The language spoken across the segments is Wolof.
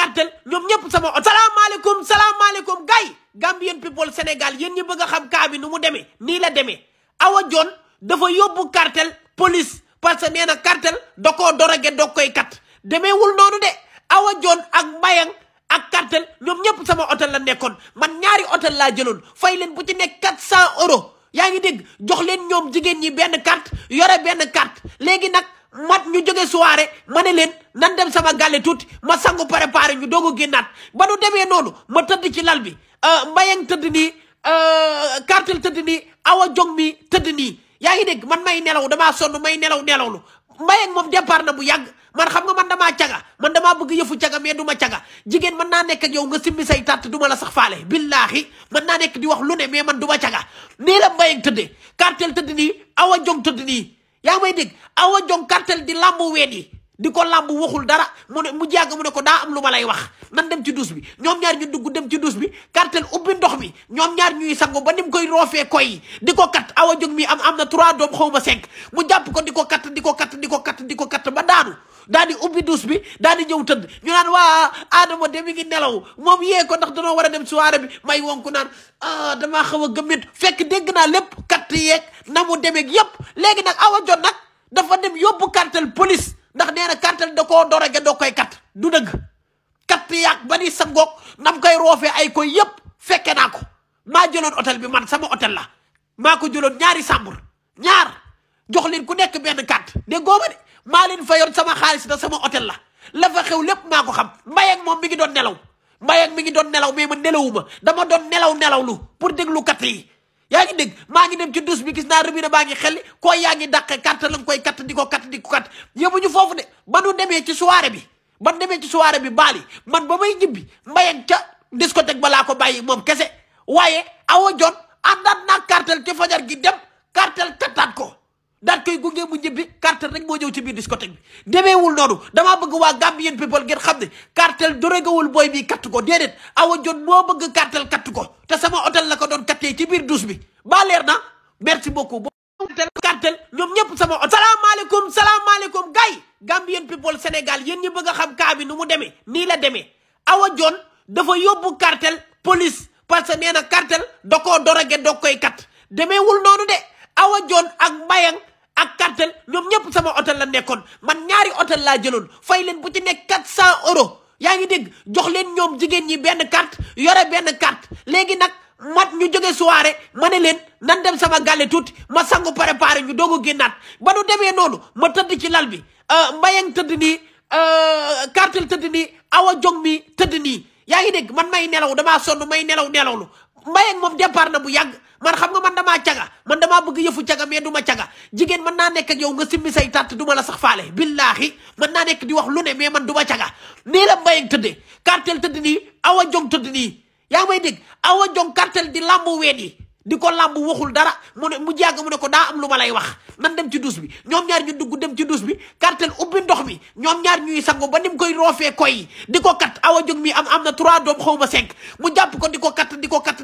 gàttal ñoom ñëpp sama ot salaamaaleykum salaamaaleykum gars yi Gambian people Sénégal yéen ñi bëgg a xam kaa bi nu mu demee nii la demee Awa joon dafa yóbbu cartel police parce que nee na cartel da koo doroge dog koy kat demeewul noonu de Awa joon ak Mbayang ak cartel ñoom ñëpp sama hôtel la nekkoon man ñaari hôtel laa jëloon fay leen bu ci nekk sa euros yaa ngi dégg jox leen ñoom jigéen ñi benn carte yore benn carte léegi nag mat ñu jóge soirée ma ne leen nan dem sama gàlle tuuti ma sangu préparé ñu doog a génnaat ba nu demee noonu ma tëdd ci lal bi euh, mbayeng tëdd nii cartel euh, tëdd nii awa jong mi tëdd nii yaa ngi dégg man may nelaw damaa sonn may nelaw nelawlu mbayeng moom départ na bu yàgg man xam nga man damaa caga man damaa bëgg yëfu caga mais du ma jigéen mën naa nekk yow nga simmi say tàtt la sax faale billaahi mën naa nekk di wax lu ne mais man du ma caga la mbayeng tëddee cartel tëdd nii awa jong tëdd nii yaa may dégg awa jong cartel di làmb ween yi di ko lambu waxul dara mu ne mu jàgg mu ne ko daa am lu ma lay wax nan dem ci douche bi ñoom ñaar ñu dugg dem ci douche bi cartel ubbi ndox mi ñoom ñaar ñuy sango ba ni mu koy roofee koy di ko kat awa jong mi am am na trois doom xaw ma cinq mu jàpp ko di ko kat di ko kat di ko kat di ko kat ba daanu daal di ubbi douche bi daal di ñëw tëdd ñu naan waa Adama de mi moom yee ko ndax danoo war a dem soirée bi may wonku naan ah damaa xaw a gëmmit fekk dégg naa lépp katt yeeg na mu demeeg yépp léegi nag awa jot nag dafa dem yobbu cartel police ndax nee na cartel da koo dorage doo koy kat du dëgg kat yaag ba ni sa ngoog nam koy roofee ay ko yépp fekke naa ko maa jëloon hôtel bi man sama hôtel la maa ko jëloon ñaari sàmbur ñaar jox leen ku nekk benn carte de góoba de maa leen fayoon sama xaalis da sama hôtel la la fa xew lépp maa xam Mbaye ak moom mi ngi doon nelaw Mbaye mi ngi doon nelaw mais ma nelawuma dama doon nelaw nelawlu pour déglu kat yi yaa ngi dégg maa ngi dem ci dus bi gis naa rëbbi na baa ngi xelli koo yaa ngi dàqe carte la nga koy kat di ko kat di ko kat yëbuñu foofu de ba nu demee ci soirée bi ban demee ci soirée bi baali man ba may ñibbi Mbaye ak ca discothèque ba laa ko bàyyi moom kese waaye awa jon àndaat naa cartel ci fajar gi dem cartel kattaat ko daat koy gunge mu ñibbi cartel rek moo ñëw ci biir discothèque bi demeewul noonu damaa bëgg waa Gambian people ngeen xam ne cartel dorégawul booy bi katt ko déedéet awa jot moo bëgg cartel kat ko te sama hôtel la ko doon kattee ci biir douche bi ba leer na merci beaucoup cartel ñoom ñëpp sama hôtel salaamaaleykum salaamaaleykum gars yi Gambian people Sénégal yéen ñi bëgg xam kaa bi nu mu demee nii la demee awa joon dafa yóbbu cartel police parce que ne na cartel da koo dorogé dog koy kat demeewul noonu de awa jon ak mbayang ak cartel ñoom ñëpp sama hôtel la nekkoon man ñaari hôtel laa jëloon fay leen bu ci nekk 400 euros yaa ngi dégg jox leen ñoom jigéen ñi benn carte yore benn carte léegi nag mat ñu jóge soirée ma ne leen nan dem sama gàlle tuuti ma sangu préparé ñu doog a génnaat ba nu demee noonu ma tëdd ci lal bi euh, mbayang tëdd nii euh, cartel tëdd nii awa jong mi tëdd nii yaa ngi dégg man may nelaw damaa sonn may nelaw nelawlu mbayeeg moom départ na bu yàgg man xam nga man damaa caga man damaa bëgg yëfu caga mais duma ma jigéen mën naa nekk yow nga simmi say tàtt du la sax faale billaahi man na nekk di wax lu ne mais man du ma caga nii la mbayeeg tëdde cartel tëdd nii awa jong tëdd nii yaa ngi may dégg awa jong cartel di làmbu ween yi di ko làmb waxul dara mu ne mu jàgg mu ne ko daa am lu ma lay wax nan dem ci douche bi ñoom ñaar ñu dugg dem ci douche bi cartel ubbi ndox mi ñoom ñaar ñuy sango ba ni mu koy roofee di ko kat awa jog mi am am na trois doom xaw ma cinq mu jàpp ko di ko kat di ko kat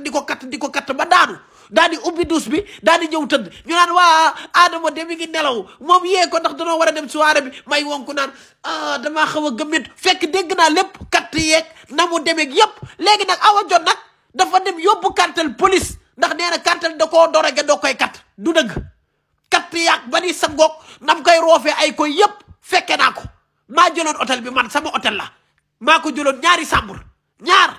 daal di ubbi douche bi daal di ñëw tëdd ñu waa Adama de mi nelaw moom yee ko ndax danoo war a dem soirée bi may wonku naan ah, dama damaa a gëmmit fekk dégg naa lépp katt yeeg na mu demeeg yépp léegi nag awa jot nag dafa dem yóbbu cartel police ndax nee na cartel da koo dorage doo koy kat du dëgg kat yaag ba ni sa ngoog nam koy roofee ay ko yépp fekke naa ko maa jëloon hôtel bi man sama hôtel la maa ko jëloon ñaari sàmbur ñaar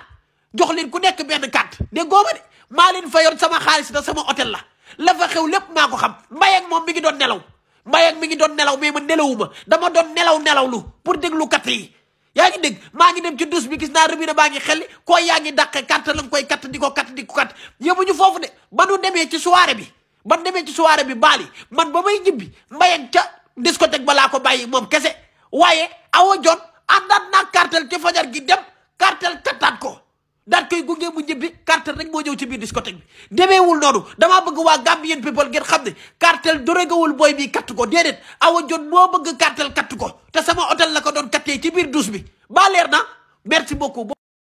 jox leen ku nekk benn carte de góoba maa leen fayoon sama xaalis da sama hôtel la la fa xew lépp maa ko xam Mbaye ak moom mi ngi doon nelaw Mbaye mi ngi doon nelaw mais man nelawuma dama doon nelaw nelawlu pour déglu kat yi. yaa ngi dégg maa ngi dem ci douche bi gis naa robinet baa ngi xelli ko yaa ngi dàqe kat la nga koy kat di ko kat di ko kat ñu foofu de ba nu demee ci soirée bi ba nu demee ci soirée bi baali man ba may ñibbi Mbaye ak ca discothèque ba laa ko bàyyi moom kese waaye awa jon àndaat naa cartel ci fajar gi dem cartel kattaat ko daat koy gunge bu ñibbi cartel rek moo ñëw ci biir discothèque bi demeewul noonu damaa bëgg waa Gambian people ngeen xam ne cartel dorégawul booy bi katt ko déedéet awa jot moo bëgg cartel katt ko te sama hôtel la ko doon kattee ci biir douche bi baa leer na merci beaucoup